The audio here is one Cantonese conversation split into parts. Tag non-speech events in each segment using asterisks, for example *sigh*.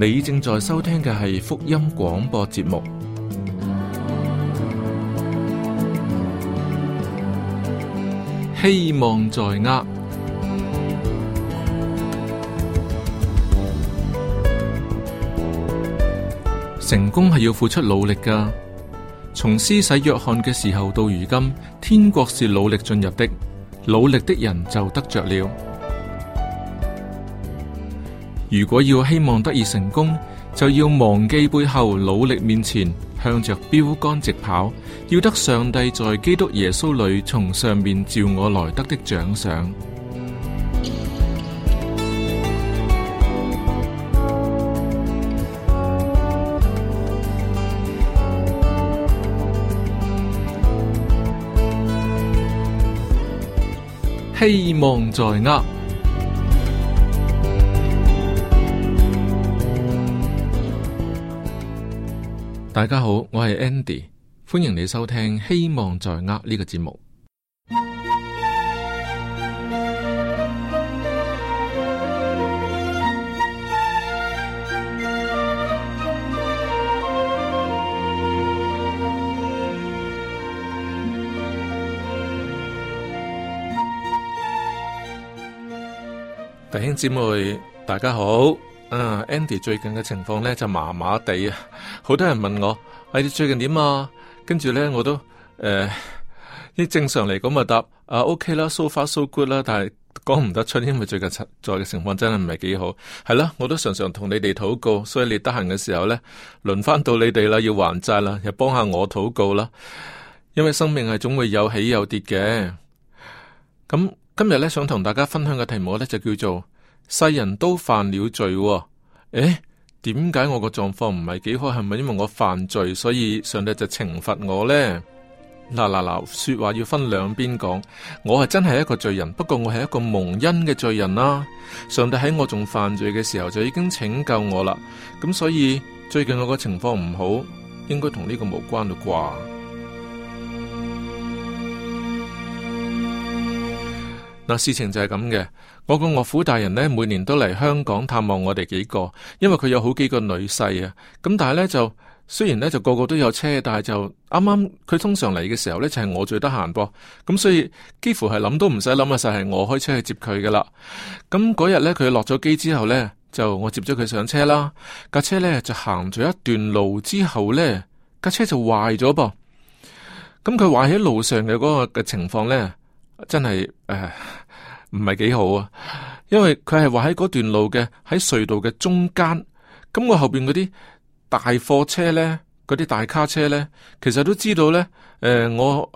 你正在收聽嘅係福音廣播節目，希望在握。成功係要付出努力㗎。從施洗約翰嘅時候到如今，天國是努力進入的，努力的人就得着了。如果要希望得以成功，就要忘記背後，努力面前，向着標杆直跑。要得上帝在基督耶穌裏從上面召我來得的獎賞。希望在握。大家好，我係 Andy，歡迎你收聽《希望在握》呢個節目。弟兄姊妹，大家好。嗯、uh,，Andy 最近嘅情況咧就麻麻地啊，好多人問我，喂、啊、你最近點啊？跟住咧我都誒，啲、呃、正常嚟講咪答啊 OK 啦，so far so good 啦，但係講唔得出，因為最近實在嘅情況真係唔係幾好。係啦，我都常常同你哋禱告，所以你得閒嘅時候咧，輪翻到你哋啦，要還債啦，又幫下我禱告啦。因為生命係總會有起有跌嘅。咁今日咧想同大家分享嘅題目咧就叫做。世人都犯了罪。哦，誒、欸，點解我個狀況唔係幾好？係咪因為我犯罪，所以上帝就懲罰我呢？嗱嗱嗱，說話要分兩邊講。我係真係一個罪人，不過我係一個蒙恩嘅罪人啦、啊。上帝喺我仲犯罪嘅時候就已經拯救我啦。咁所以最近我個情況唔好，應該同呢個冇關嘞啩。嗱，事情就係咁嘅。我個岳父大人呢，每年都嚟香港探望我哋幾個，因為佢有好幾個女婿啊。咁但係呢，就，雖然呢，就個個都有車，但係就啱啱佢通常嚟嘅時候呢，就係、是、我最得閒噃。咁、嗯、所以幾乎係諗都唔使諗啊，就係、是、我開車去接佢噶啦。咁嗰日呢，佢落咗機之後呢，就我接咗佢上車啦。架車呢，就行咗一段路之後呢，架車就壞咗噃。咁、嗯、佢壞喺路上嘅嗰個嘅情況呢，真係誒。唔係幾好啊，因為佢係話喺嗰段路嘅，喺隧道嘅中間，咁我後邊嗰啲大貨車咧，嗰啲大卡車咧，其實都知道咧，誒、呃，我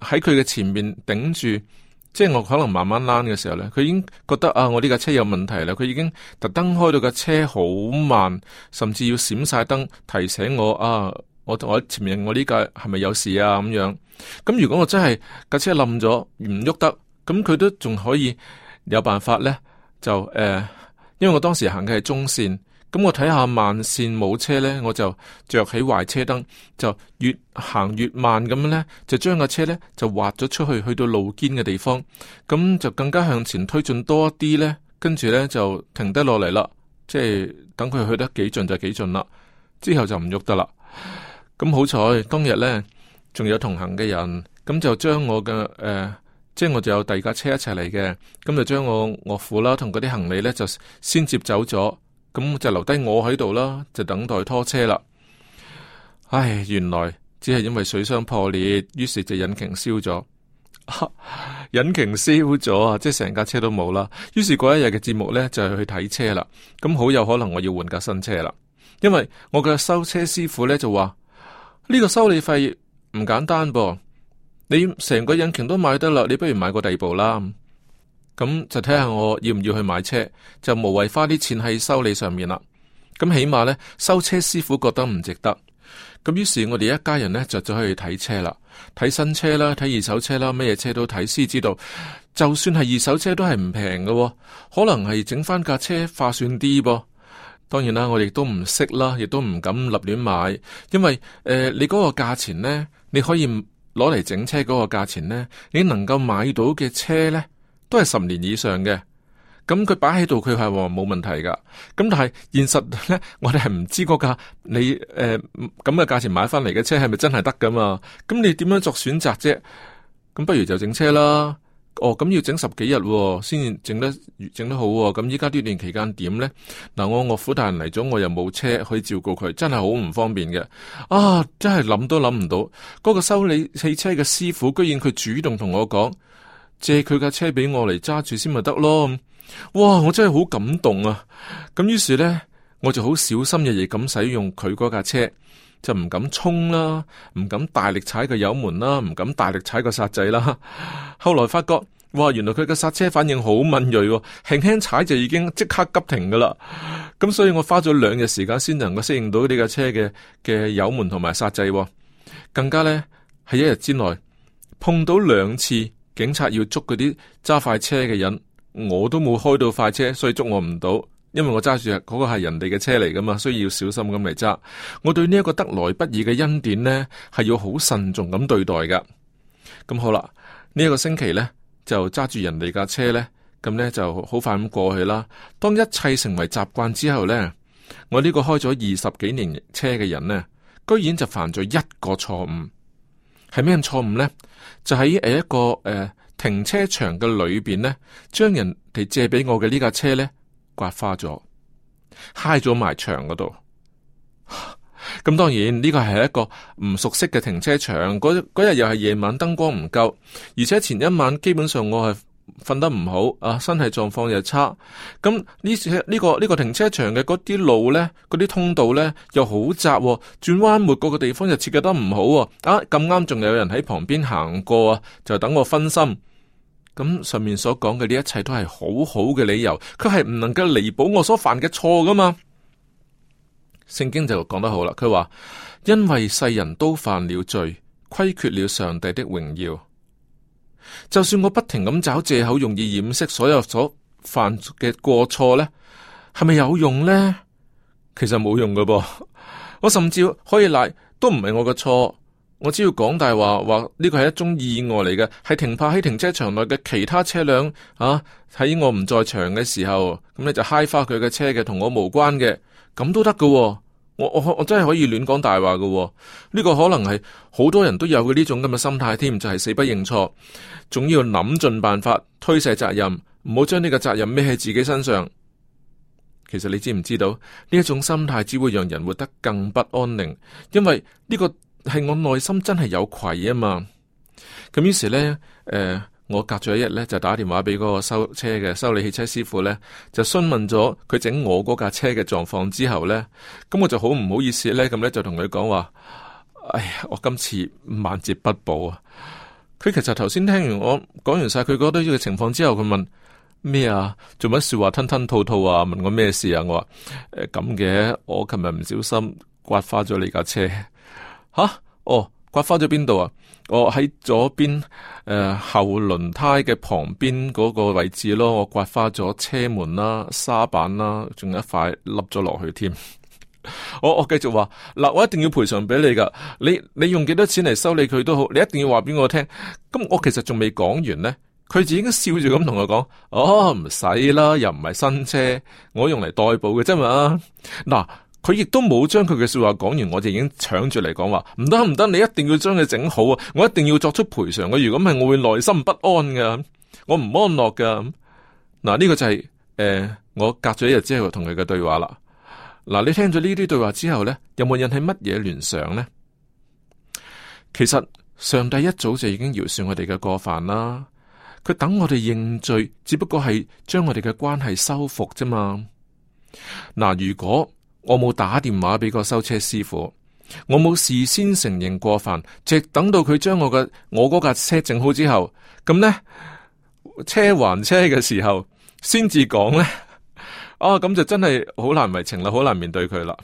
喺佢嘅前面頂住，即係我可能慢慢拉嘅時候咧，佢已經覺得啊，我呢架車有問題啦，佢已經特登開到架車好慢，甚至要閃晒燈提醒我啊，我我喺前面我呢架係咪有事啊咁樣？咁、嗯、如果我真係架車冧咗唔喐得？咁佢都仲可以有辦法呢？就誒、呃，因為我當時行嘅係中線，咁我睇下慢線冇車呢，我就着起壞車燈，就越行越慢咁樣咧，就將個車呢，就滑咗出去，去到路肩嘅地方，咁就更加向前推進多啲呢，跟住呢，就停低落嚟啦。即係等佢去得幾盡就幾盡啦，之後就唔喐得啦。咁好彩當日呢，仲有同行嘅人，咁就將我嘅誒。呃即係我就有第二架車一齊嚟嘅，咁就將我岳父啦同嗰啲行李呢就先接走咗，咁就留低我喺度啦，就等待拖車啦。唉，原來只係因為水箱破裂，於是就引擎燒咗， *laughs* 引擎燒咗啊！即係成架車都冇啦。於是嗰一日嘅節目呢，就係去睇車啦。咁好有可能我要換架新車啦，因為我嘅修車師傅呢就話呢個修理費唔簡單噃。你成個引擎都買得啦，你不如買個第二部啦。咁就睇下我要唔要去買車，就無謂花啲錢喺修理上面啦。咁起碼呢，修車師傅覺得唔值得。咁於是我哋一家人呢就走去睇車啦，睇新車啦，睇二手車啦，咩嘢車都睇，先知道。就算係二手車都係唔平嘅，可能係整翻架車划算啲，哦。噃，當然啦，我哋都唔識啦，亦都唔敢立亂買，因為誒、呃、你嗰個價錢呢，你可以。攞嚟整車嗰個價錢咧，你能夠買到嘅車咧，都係十年以上嘅。咁佢擺喺度，佢係話冇問題噶。咁但係現實咧，我哋係唔知嗰個價，你誒咁嘅價錢買翻嚟嘅車係咪真係得噶嘛？咁你點樣作選擇啫？咁不如就整車啦。哦，咁要整十幾日先整得整得好。哦，咁依家呢段期間點呢？嗱、嗯，我岳父大人嚟咗，我又冇車可以照顧佢，真係好唔方便嘅。啊，真係諗都諗唔到，嗰、那個修理汽車嘅師傅居然佢主動同我講，借佢架車俾我嚟揸住先咪得咯。哇，我真係好感動啊！咁於是呢，我就好小心翼翼咁使用佢嗰架車。就唔敢衝啦，唔敢大力踩個油門啦，唔敢大力踩個剎掣啦。後來發覺，哇，原來佢個剎車反應好敏銳，哦，輕輕踩就已經即刻急停噶啦。咁所以我花咗兩日時間先能夠適應到呢架車嘅嘅油門同埋剎掣。更加咧喺一日之內碰到兩次警察要捉嗰啲揸快車嘅人，我都冇開到快車，所以捉我唔到。因為我揸住嗰個係人哋嘅車嚟噶嘛，所以要小心咁嚟揸。我對呢一個得來不易嘅恩典呢，係要好慎重咁對待噶。咁好啦，呢、這、一個星期呢，就揸住人哋架車呢，咁呢就好快咁過去啦。當一切成為習慣之後呢，我呢個開咗二十幾年車嘅人呢，居然就犯咗一個錯誤。係咩錯誤呢？就喺，誒一個誒、呃、停車場嘅裏邊呢，將人哋借俾我嘅呢架車呢。刮花咗，揩咗埋牆嗰度。咁當然呢個係一個唔熟悉嘅停車場，嗰日又係夜晚，燈光唔夠，而且前一晚基本上我係瞓得唔好，啊身體狀況又差。咁呢、這個，呢個呢個停車場嘅嗰啲路呢，嗰啲通道呢，又好窄，哦，轉彎抹角嘅地方又設計得唔好，哦。啊咁啱仲有人喺旁邊行過，就等我分心。咁、嗯、上面所講嘅呢一切都係好好嘅理由，佢係唔能夠彌補我所犯嘅錯噶嘛？聖經就講得好啦，佢話因為世人都犯了罪，虧缺了上帝的榮耀。就算我不停咁找借口，容易掩飾所有所犯嘅過錯呢，係咪有用呢？其實冇用噶噃，我甚至可以賴都唔係我嘅錯。我只要講大話，話呢個係一宗意外嚟嘅，係停泊喺停車場內嘅其他車輛啊。喺我唔在場嘅時候，咁你就揩花佢嘅車嘅，同我無關嘅，咁都得嘅，哦。我我我真係可以亂講大話嘅。呢個可能係好多人都有嘅呢種咁嘅心態，添就係死不認錯，總要諗盡辦法推卸責任，唔好將呢個責任孭喺自己身上。其實你知唔知道呢一種心態只會讓人活得更不安寧，因為呢個。係我內心真係有愧啊嘛！咁於是咧，誒、呃，我隔咗一日咧，就打電話俾嗰個修車嘅修理汽車師傅咧，就詢問咗佢整我嗰架車嘅狀況之後咧，咁我就好唔好意思咧，咁咧就同佢講話：哎呀，我今次萬劫不保啊！佢其實頭先聽完我講完晒佢嗰堆嘅情況之後，佢問咩啊？做乜說話吞吞吐吐啊？問我咩事啊？我話誒咁嘅，我琴日唔小心刮花咗你架車。吓哦，刮花咗邊度啊？我、哦、喺左邊誒、呃、後輪胎嘅旁邊嗰個位置咯，我刮花咗車門啦、啊、沙板啦、啊，仲有一塊凹咗落去添、 *laughs* 哦。我我繼續話嗱，我一定要賠償俾你噶。你你用幾多錢嚟修理佢都好，你一定要話俾我聽。咁我其實仲未講完咧，佢就已經笑住咁同我講：哦唔使啦，又唔係新車，我用嚟代步嘅啫嘛。嗱。佢亦都冇將佢嘅說話講完，我就已經搶住嚟講話唔得唔得，你一定要將佢整好啊！我一定要作出賠償，我如果唔係，我會內心不安嘅，我唔安樂嘅。嗱，呢個就係、誒、呃，我隔咗一日之後同佢嘅對話啦。嗱，你聽咗呢啲對話之後咧，有冇引起乜嘢聯想咧？其實上帝一早就已經饒恕我哋嘅過犯啦，佢等我哋認罪，只不過係將我哋嘅關係修復啫嘛。嗱，如果我冇打電話俾個修車師傅，我冇事先承認過犯，直等到佢將我嘅、我架車整好之後，咁呢車還車嘅時候，先至講呢。 *laughs* 啊咁就真係好難為情啦，好難面對佢啦。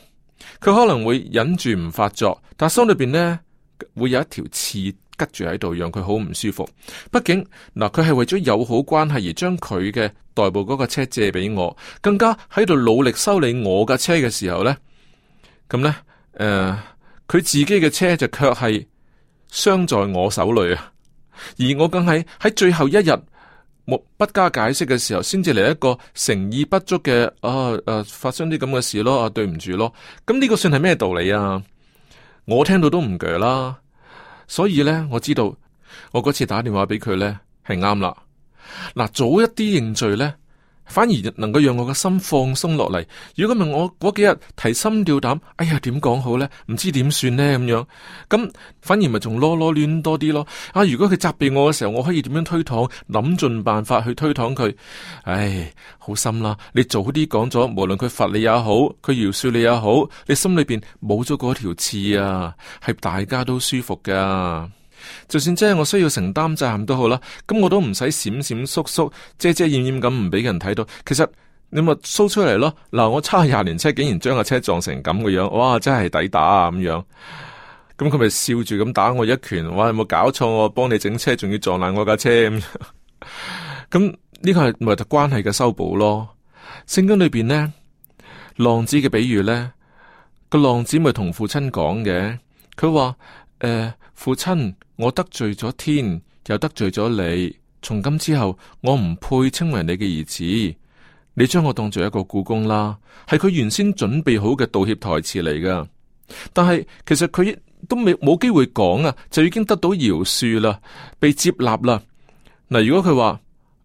佢可能會忍住唔發作，但心裏邊呢會有一條刺。吉住喺度，讓佢好唔舒服。畢竟嗱，佢係為咗友好關係而將佢嘅代步嗰個車借俾我，更加喺度努力修理我架車嘅時候咧，咁咧，誒、呃，佢自己嘅車就卻係傷在我手裏啊！而我更係喺最後一日，不不加解釋嘅時候，先至嚟一個誠意不足嘅，啊誒、啊，發生啲咁嘅事、啊、咯，對唔住咯。咁呢個算係咩道理啊？我聽到都唔鋸啦。所以咧，我知道我嗰次打電話俾佢咧係啱啦。嗱，早一啲認罪咧，反而能夠讓我個心放鬆落嚟。如果唔係我嗰幾日提心吊膽，哎呀點講好呢？唔知點算呢？咁樣，咁反而咪仲囉囉攣多啲咯。啊，如果佢責備我嘅時候，我可以點樣推搪？諗盡辦法去推搪佢。唉，好心啦，你早啲講咗，無論佢罰你也好，佢饒恕你也好，你心裏邊冇咗嗰條刺啊，係大家都舒服噶。就算即係我需要承擔責任都好啦，咁我都唔使閃閃縮縮、遮遮掩掩咁唔俾人睇到。其實你咪 show 出嚟咯。嗱，我差廿年車，竟然將架車撞成咁嘅樣，哇，真係抵打啊咁樣。咁佢咪笑住咁打我一拳。哇，有冇搞錯？我幫你整車，仲要撞爛我架車。咁呢個係咪就關係嘅修補咯？聖經裏邊呢，浪子嘅比喻呢，個浪子咪同父親講嘅，佢話。誒、哎，父親，我得罪咗天，又得罪咗你。從今之後，我唔配稱為你嘅兒子。你將我當做一個僱工啦。係佢原先準備好嘅道歉台詞嚟噶。但係其實佢都未冇機會講啊，就已經得到饒恕啦，被接納啦。嗱，如果佢話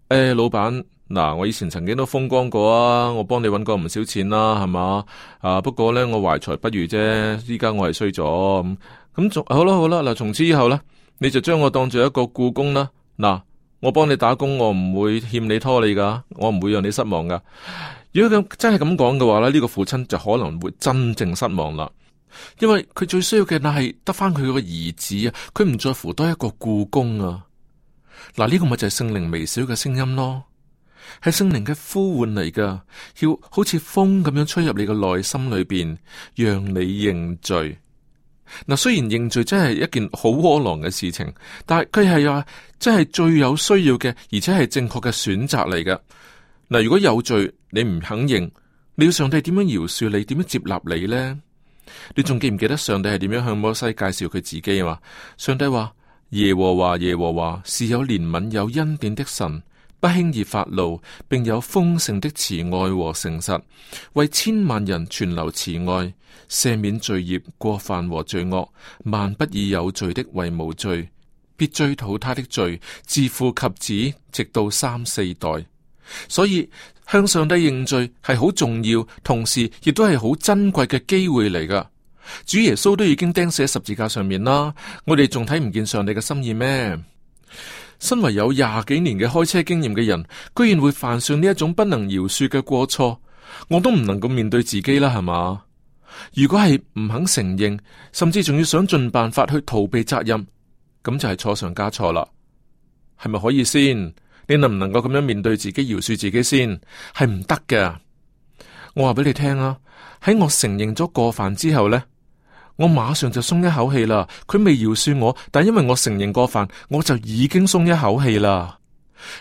誒，老闆，嗱，我以前曾經都風光過啊，我幫你揾過唔少錢啦，啊，係嘛啊？不過呢，我懷才不遇啫，依家我係衰咗咁從好啦好啦，嗱，從此以後咧，你就將我當做一個雇工啦。嗱，我幫你打工，我唔會欠你拖你噶，我唔會讓你失望噶。如果咁真係咁講嘅話咧，呢個父親就可能會真正失望啦，因為佢最需要嘅但係得翻佢個兒子啊，佢唔在乎多一個雇工啊。嗱，呢個咪就係聖靈微小嘅聲音咯，係聖靈嘅呼喚嚟噶，要好似風咁樣吹入你嘅內心裏邊，讓你認罪。嗱，雖然認罪真係一件好窩囊嘅事情，但係佢係話，真係最有需要嘅，而且係正確嘅選擇嚟㗎。嗱，如果有罪，你唔肯認，你要上帝點樣饒恕你，點樣接納你呢？你仲記唔記得上帝係點樣向摩西介紹佢自己啊？嘛，上帝話耶和華，耶和華，是有憐憫，有恩典的神。不輕易發怒，並有豐盛的慈愛和誠實，為千萬人存留慈愛，赦免罪孽、過犯和罪惡。萬不以有罪的為無罪，必追討他的罪，自父及子，直到三四代。所以向上帝認罪係好重要，同時亦都係好珍貴嘅機會嚟㗎。主耶穌都已經釘死喺十字架上面啦，我哋仲睇唔見上帝嘅心意咩？身為有廿幾年嘅開車經驗嘅人，居然會犯上呢一種不能饒恕嘅過錯，我都唔能夠面對自己啦，係嘛？如果係唔肯承認，甚至仲要想盡辦法去逃避責任，咁就係錯上加錯啦。係咪可以先？你能唔能夠咁樣面對自己，饒恕自己先？係唔得嘅。我話俾你聽啊，喺我承認咗過犯之後呢。我馬上就鬆一口氣啦，佢未饒恕我，但因為我承認過犯，我就已經鬆一口氣啦。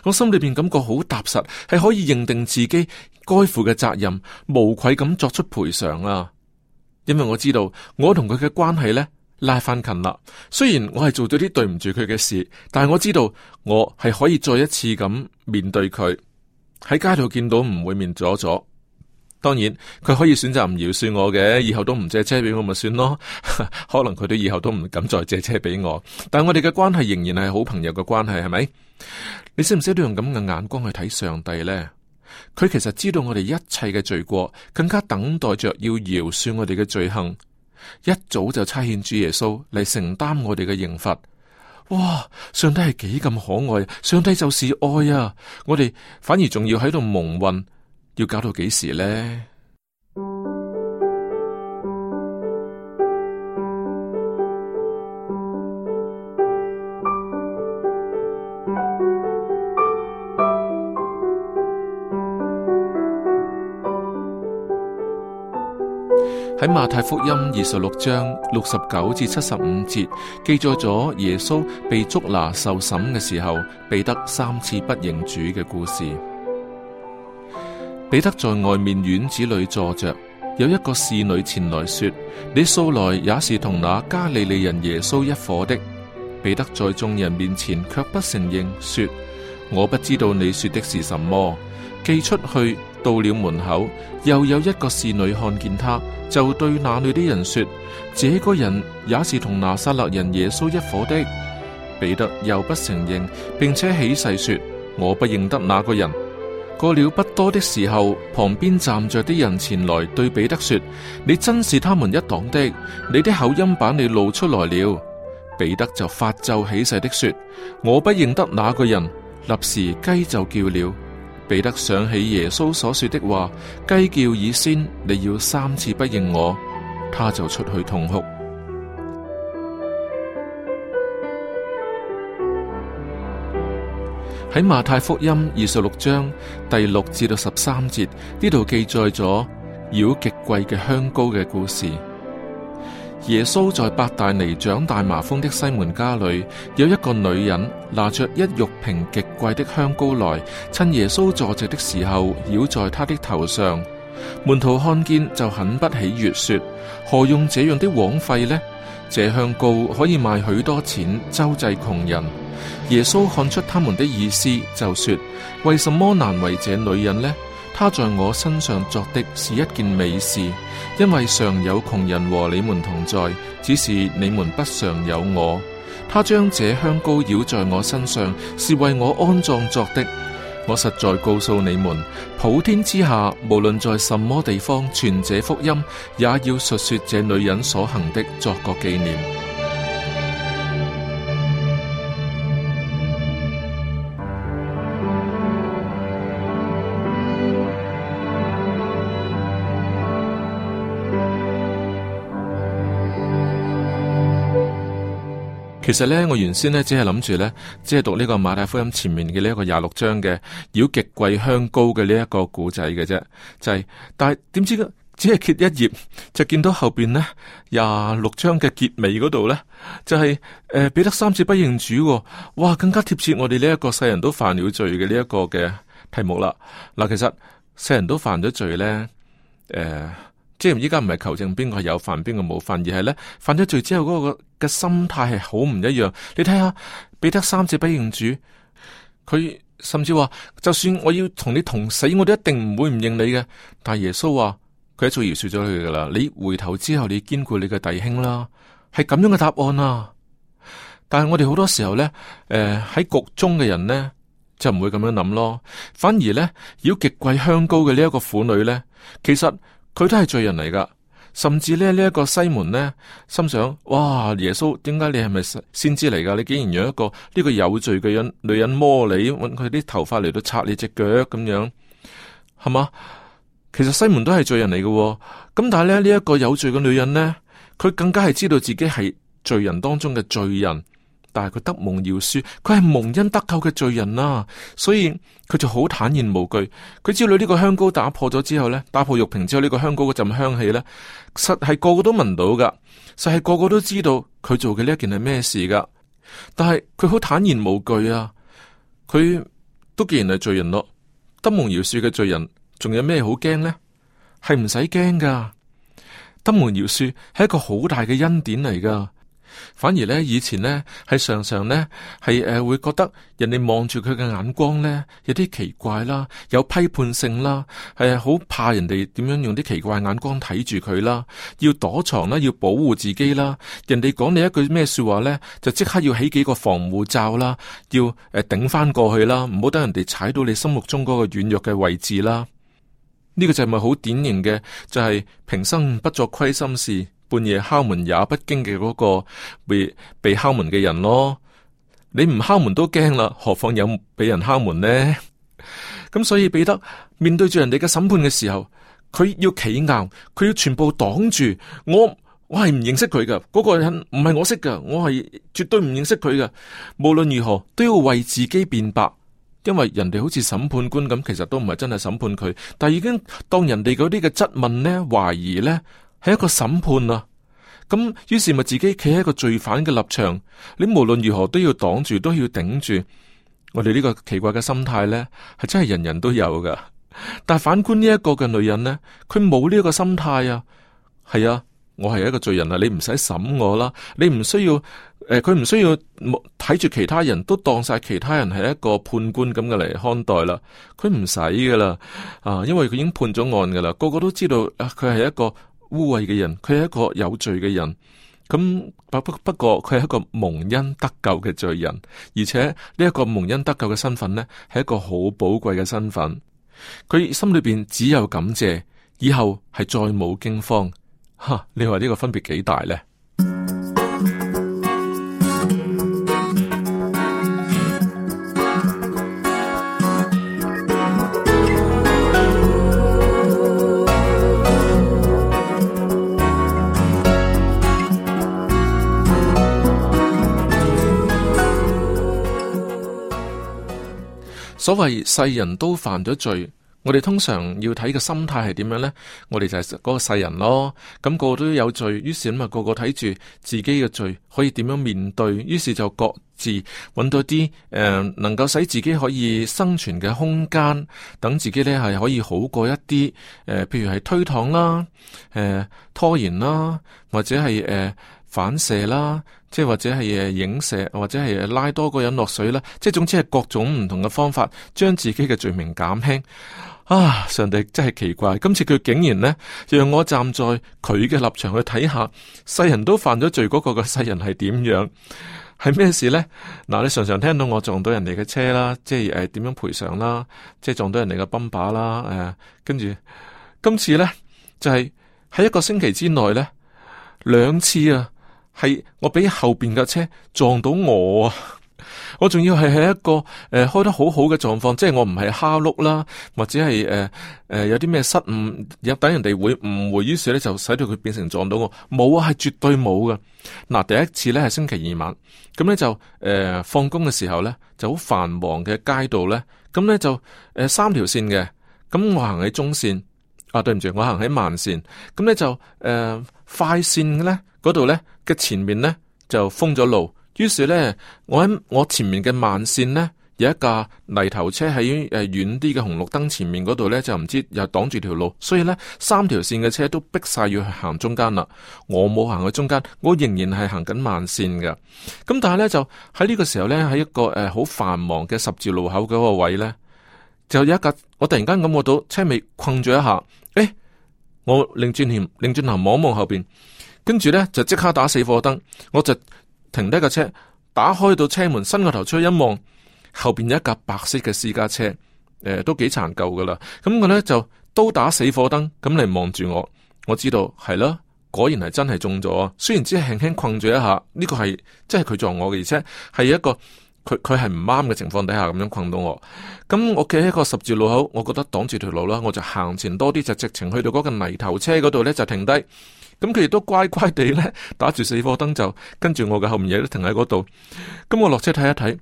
我心裏邊感覺好踏實，係可以認定自己該負嘅責任，無愧咁作出賠償啊。因為我知道我同佢嘅關係呢，拉翻近啦，雖然我係做咗啲對唔住佢嘅事，但係我知道我係可以再一次咁面對佢，喺街度見到唔會面左左。當然，佢可以選擇唔饒恕我嘅，以後都唔借車俾我咪算咯。 *laughs* 可能佢都以後都唔敢再借車俾我。但係我哋嘅關係仍然係好朋友嘅關係，係咪？你識唔識都用咁嘅眼光去睇上帝呢？佢其實知道我哋一切嘅罪過，更加等待着要饒恕我哋嘅罪行。一早就差遣主耶穌嚟承擔我哋嘅刑罰。哇！上帝係幾咁可愛，上帝就是愛啊！我哋反而仲要喺度蒙混。要搞到幾時呢？喺馬太福音二十六章六十九至七十五節，記載咗耶穌被捉拿受審嘅時候，彼得三次不認主嘅故事。彼得在外面院子裏坐着，有一個侍女前來說：你素來也是同那加利利人耶穌一夥的。彼得在眾人面前卻不承認，說：我不知道你說的是什麼。既出去到了門口，又有一個侍女看見他，就對那裏的人說：這個人也是同拿撒勒人耶穌一夥的。彼得又不承認，並且起誓說：我不認得那個人。過了不多的時候，旁邊站着的人前來對彼得說：你真是他們一黨的，你的口音把你露出來了。彼得就發咒起誓的說：我不認得那個人。立時雞就叫了。彼得想起耶穌所說的話：雞叫以先，你要三次不認我。他就出去痛哭。喺馬太福音二十六章第六至到十三節呢度記載咗澆極貴嘅香膏嘅故事。耶穌在伯大尼長大麻風的西門家裏，有一個女人拿着一玉瓶極貴的香膏來，趁耶穌坐席的時候澆在他的頭上。門徒看見就很不喜悦，說：何用這樣的枉費呢？這香膏可以賣許多錢，周濟窮人。耶穌看出他們的意思，就說：為什麼難為這女人呢？她在我身上作的是一件美事，因為常有窮人和你們同在，只是你們不常有我。她將這香膏繞在我身上，是為我安葬作的。我實在告訴你們，普天之下無論在什麼地方傳這福音，也要述說這女人所行的，作個紀念。其實咧，我原先咧只係諗住咧，只係讀呢個馬太福音前面嘅呢一個廿六章嘅，妖果極貴香膏嘅呢一個古仔嘅啫，就係、是，但係點知只係揭一頁，就見到後邊呢，廿六章嘅結尾嗰度咧，就係誒彼得三次不認主、啊，哇，更加貼切我哋呢一個世人都犯了罪嘅呢一個嘅題目啦。嗱、呃，其實世人都犯咗罪咧，誒、呃。即係依家唔係求證邊個係有犯邊個冇犯，而係咧犯咗罪之後嗰個嘅心態係好唔一樣。你睇下彼得三次不認主，佢甚至話就算我要同你同死，我都一定唔會唔認你嘅。但係耶穌話佢喺早預說咗佢噶啦，你回頭之後你堅固你嘅弟兄啦，係咁樣嘅答案啊！但係我哋好多時候咧，誒、呃、喺局中嘅人呢，就唔會咁樣諗咯，反而咧要極貴香膏嘅呢一個婦女咧，其實。佢都係罪人嚟噶，甚至咧呢一個西門咧，心想：哇，耶穌，點解你係咪先知嚟噶？你竟然讓一個呢個有罪嘅人女人摸你，搵佢啲頭髮嚟到擦你隻腳咁樣，係嘛？其實西門都係罪人嚟嘅，咁但係咧呢一個有罪嘅女人咧，佢更加係知道自己係罪人當中嘅罪人。但係佢得蒙饒恕，佢係蒙恩得救嘅罪人啊，所以佢就好坦然無懼。佢知道呢個香膏打破咗之後咧，打破玉瓶之後呢個香膏嗰陣香氣咧，實係個，個個都聞到噶，實係個個都知道佢做嘅呢一件係咩事噶。但係佢好坦然無懼啊！佢都既然係罪人咯，得蒙饒恕嘅罪人，仲有咩好驚呢？係唔使驚噶，得蒙饒恕係一個好大嘅恩典嚟噶。反而呢，以前呢，係常常呢，係誒、呃，會覺得人哋望住佢嘅眼光呢，有啲奇怪啦，有批判性啦，係好怕人哋點樣用啲奇怪眼光睇住佢啦，要躲藏啦，要保護自己啦。人哋講你一句咩說話呢，就即刻要起幾個防護罩啦，要誒頂翻過去啦，唔好等人哋踩到你心目中嗰個軟弱嘅位置啦。呢、這個就係咪好典型嘅？就係、是、平生不作虧心事。半夜敲門也不驚嘅嗰個被被敲門嘅人咯，你唔敲門都驚啦，何況有俾人敲門呢？咁 *laughs* 所以彼得面對住人哋嘅審判嘅時候，佢要企硬，佢要全部擋住。我我係唔認識佢嘅，嗰個人唔係我識嘅，我係絕對唔認識佢嘅。無論如何都要為自己辯白，因為人哋好似審判官咁，其實都唔係真係審判佢，但係已經當人哋嗰啲嘅質問呢、懷疑呢。係一個審判啊！咁於是咪自己企喺個罪犯嘅立場，你無論如何都要擋住，都要頂住。我哋呢個奇怪嘅心態呢，係真係人人都有噶。但係反觀呢一個嘅女人呢，佢冇呢一個心態啊。係啊，我係一個罪人啊！你唔使審我啦，你唔需要誒，佢、呃、唔需要睇住其他人都當晒其他人係一個判官咁嘅嚟看待啦。佢唔使噶啦啊，因為佢已經判咗案噶啦，個個都知道啊，佢係一個。污穢嘅人，佢係一個有罪嘅人，咁不不不過佢係一個蒙恩得救嘅罪人，而且呢一個蒙恩得救嘅身份呢，係一個好寶貴嘅身份。佢心裏邊只有感謝，以後係再冇驚慌。哈，你話呢個分別幾大咧？所謂世人都犯咗罪，我哋通常要睇嘅心態係點樣呢？我哋就係嗰個世人咯，咁個個都有罪，於是咁啊，個個睇住自己嘅罪可以點樣面對，於是就各自揾到啲誒、呃、能夠使自己可以生存嘅空間，等自己呢係可以好過一啲誒、呃，譬如係推搪啦、誒、呃、拖延啦，或者係誒、呃、反射啦。即係或者係影射，或者係拉多個人落水啦。即係總之係各種唔同嘅方法，將自己嘅罪名減輕。啊！上帝真係奇怪，今次佢竟然呢，讓我站在佢嘅立場去睇下，世人都犯咗罪，嗰個嘅世人係點樣，係咩事呢？嗱、啊，你常常聽到我撞到人哋嘅車啦，即係誒點樣賠償啦，即係撞到人哋嘅泵把啦，跟、呃、住今次呢，就係、是、喺一個星期之內呢，兩次啊！係我俾後邊架車撞到我，啊。我仲要係喺一個誒、呃、開得好好嘅狀況，即係我唔係蝦碌啦，或者係誒誒有啲咩失誤，入等人哋會誤會，於是咧就使到佢變成撞到我，冇啊，係絕對冇噶。嗱，第一次咧係星期二晚，咁咧就誒放工嘅時候咧就好繁忙嘅街道咧，咁咧就誒、呃、三條線嘅，咁我行喺中線。啊，對唔住，我行喺慢線咁咧、呃，就誒快線咧嗰度咧嘅前面咧就封咗路。於是咧，我喺我前面嘅慢線咧有一架泥頭車喺誒遠啲嘅、呃、紅綠燈前面嗰度咧就唔知又擋住條路，所以咧三條線嘅車都逼晒要去行中間啦。我冇行去中間，我仍然係行緊慢線嘅。咁但係咧就喺呢個時候咧喺一個誒好、呃、繁忙嘅十字路口嗰個位咧就有一架我突然間感覺到車尾困咗一下。我擰轉頭，擰轉頭望望後邊，跟住咧就即刻打死火燈，我就停低架車，打開到車門，伸個頭出去一望，後邊有一架白色嘅私家車，誒、呃、都幾殘舊噶啦，咁佢咧就都打死火燈，咁嚟望住我，我知道係咯，果然係真係中咗，雖然只係輕輕困住一下，呢、這個係即係佢撞我嘅，而且係一個。佢佢係唔啱嘅情況底下咁樣困到我。咁我企喺個十字路口，我覺得擋住條路啦，我就行前多啲，就直情去到嗰個泥頭車嗰度咧，就停低。咁佢亦都乖乖地咧打住四顆燈，就跟住我嘅後面嘢都停喺嗰度。咁我落車睇一睇，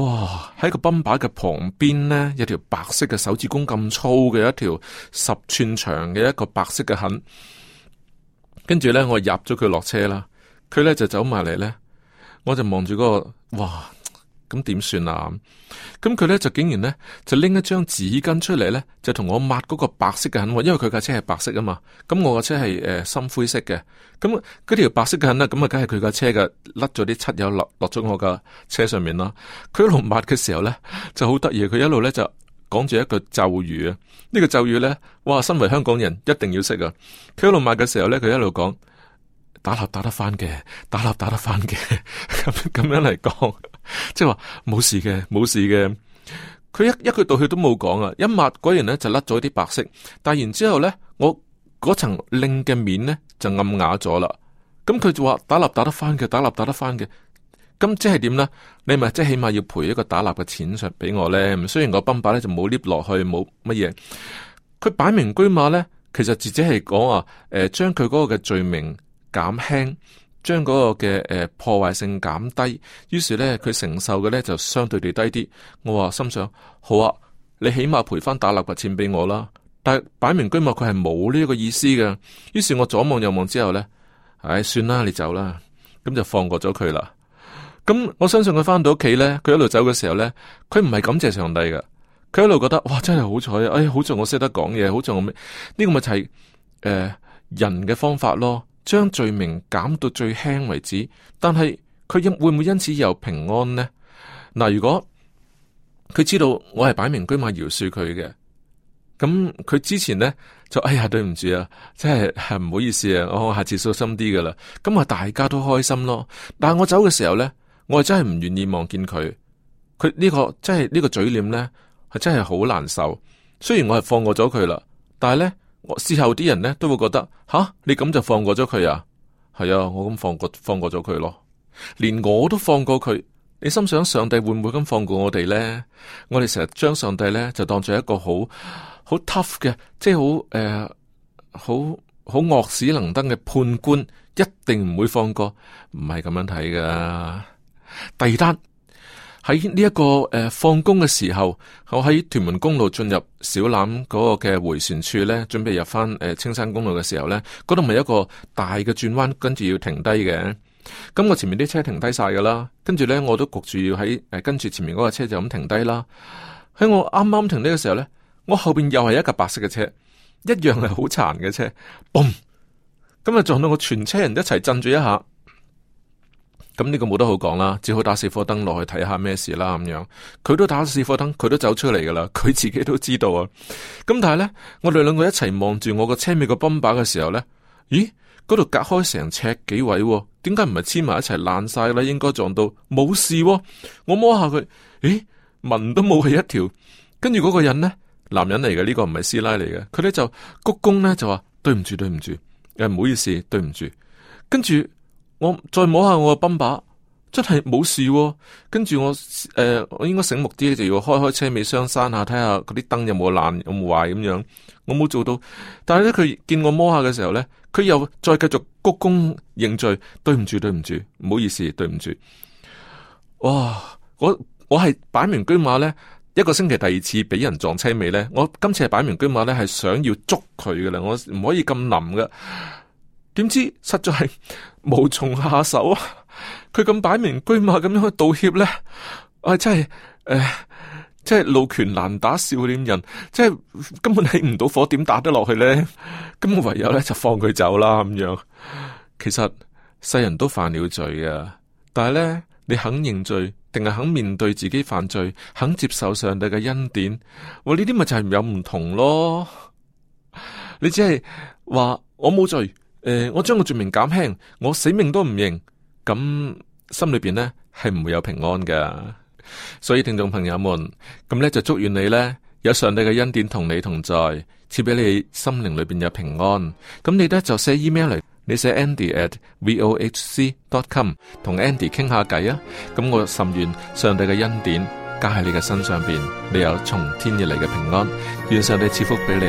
哇！喺個泵把嘅旁邊呢，有條白色嘅手指公咁粗嘅一條十寸長嘅一個白色嘅痕。跟住咧，我入咗佢落車啦，佢咧就走埋嚟咧，我就望住嗰個，哇！咁點算啊？咁佢咧就竟然咧就拎一張紙巾出嚟咧，就同我抹嗰個白色嘅痕跡，因為佢架車係白色啊嘛。咁我架車係誒、呃、深灰色嘅。咁嗰條白色嘅痕咧，咁啊梗係佢架車嘅甩咗啲漆油落落咗我架車上面啦。佢一路抹嘅時候咧就好得意，佢一路咧就講住一句咒語啊。呢個咒語咧、這個，哇，身為香港人一定要識啊。佢一路抹嘅時候咧，佢一路講。打蠟打得翻嘅，打蠟打得翻嘅，咁 *laughs* 咁樣嚟來講， *laughs* 即係話冇事嘅，冇事嘅。佢一一句道歉都冇講啊！一抹果然咧就甩咗啲白色，但係然之後咧，我嗰層令嘅面咧就暗啞咗啦。咁佢就話打蠟打得翻嘅，打蠟打得翻嘅。咁即係點咧？你咪即係起碼要賠一個打蠟嘅錢上俾我咧。咁雖然個泵把咧就冇 lift 落去，冇乜嘢。佢擺明居馬咧，其實自己係講啊，誒、呃，將佢嗰個嘅罪名。減輕將嗰個嘅誒、呃、破壞性減低，於是咧佢承受嘅咧就相對地低啲。我話心想好啊，你起碼賠翻打垃圾錢俾我啦。但係擺明居物佢係冇呢一個意思嘅。於是我左望右望之後咧，唉、哎，算啦，你走啦，咁就放過咗佢啦。咁我相信佢翻到屋企咧，佢一路走嘅時候咧，佢唔係感謝上帝噶，佢一路覺得哇真係好彩，哎，好在我識得講嘢，好在我咩呢、這個咪就係、是、誒、呃、人嘅方法咯。將罪名減到最輕為止，但係佢會唔會因此又平安呢？嗱，如果佢知道我係擺明車馬饒恕佢嘅，咁佢之前呢就哎呀對唔住啊，真係唔好意思啊，我下次小心啲噶啦。咁啊，大家都開心咯。但係我走嘅時候呢，我係真係唔願意望見佢，佢呢個真係呢個嘴臉呢，係真係好難受。雖然我係放過咗佢啦，但係呢。我事後啲人呢都會覺得吓，你咁就放過咗佢啊？係啊，我咁放過放過咗佢咯。連我都放過佢，你心想上帝會唔會咁放過我哋呢？我哋成日將上帝呢就當做一個好好 tough 嘅，即係好誒，好、呃、好惡死能登嘅判官，一定唔會放過，唔係咁樣睇噶。第二單。喺呢一個誒、呃、放工嘅時候，我喺屯門公路進入小欖嗰個嘅回旋處咧，準備入翻誒、呃、青山公路嘅時候咧，嗰度咪一個大嘅轉彎，跟住要停低嘅。咁我前面啲車停低晒噶啦，跟住咧我都焗住要喺誒跟住前面嗰個車就咁停低啦。喺我啱啱停低嘅時候咧，我後邊又係一架白色嘅車，一樣係好殘嘅車，嘣！咁啊撞到我全車人一齊震住一下。咁呢個冇得好講啦，只好打死火燈落去睇下咩事啦咁樣。佢都打死火燈，佢都走出嚟噶啦，佢自己都知道啊。咁但係咧，我哋兩個一齊望住我個車尾個泵把嘅時候咧，咦？嗰度隔開成尺幾位、啊，點解唔係黐埋一齊爛晒咧？應該撞到冇事、啊。我摸下佢，咦？紋都冇起一條。跟住嗰個人咧，男人嚟嘅呢個唔係師奶嚟嘅，佢咧就鞠躬咧就話：對唔住，對唔住，誒，唔好意思，對唔住。跟住。我再摸下我個泵把，真係冇事，哦。跟住我誒、呃，我應該醒目啲，就要開開車尾箱，閂下睇下嗰啲燈有冇爛，有冇壞咁樣。我冇做到，但係咧，佢見我摸下嘅時候咧，佢又再繼續鞠躬認罪，對唔住，對唔住，唔好意思，對唔住。哇！我我係擺明居馬咧，一個星期第二次俾人撞車尾咧，我今次係擺明居馬咧，係想要捉佢噶啦，我唔可以咁冧噶。點知實在係無從下手啊！佢咁擺明車馬咁樣去道歉咧，我真係誒，真係路拳難打笑臉人，真係根本起唔到火，點打得落去咧？咁唯有咧就放佢走啦咁樣。其實世人都犯了罪啊。但係咧你肯認罪，定係肯面對自己犯罪，肯接受上帝嘅恩典，我呢啲咪就係有唔同咯？你只係話我冇罪。誒，我將個罪名減輕，我死命都唔認，咁心裏邊呢係唔會有平安噶。所以聽眾朋友們，咁呢就祝願你呢有上帝嘅恩典同你同在，賜俾你心靈裏邊有平安。咁你咧就寫 email 嚟，你寫 andy@vohc.com 同 Andy 傾下偈啊。咁我甚願上帝嘅恩典加喺你嘅身上邊，你有從天而嚟嘅平安。願上帝賜福俾你，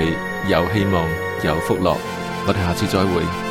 有希望，有福樂。我哋下次再會。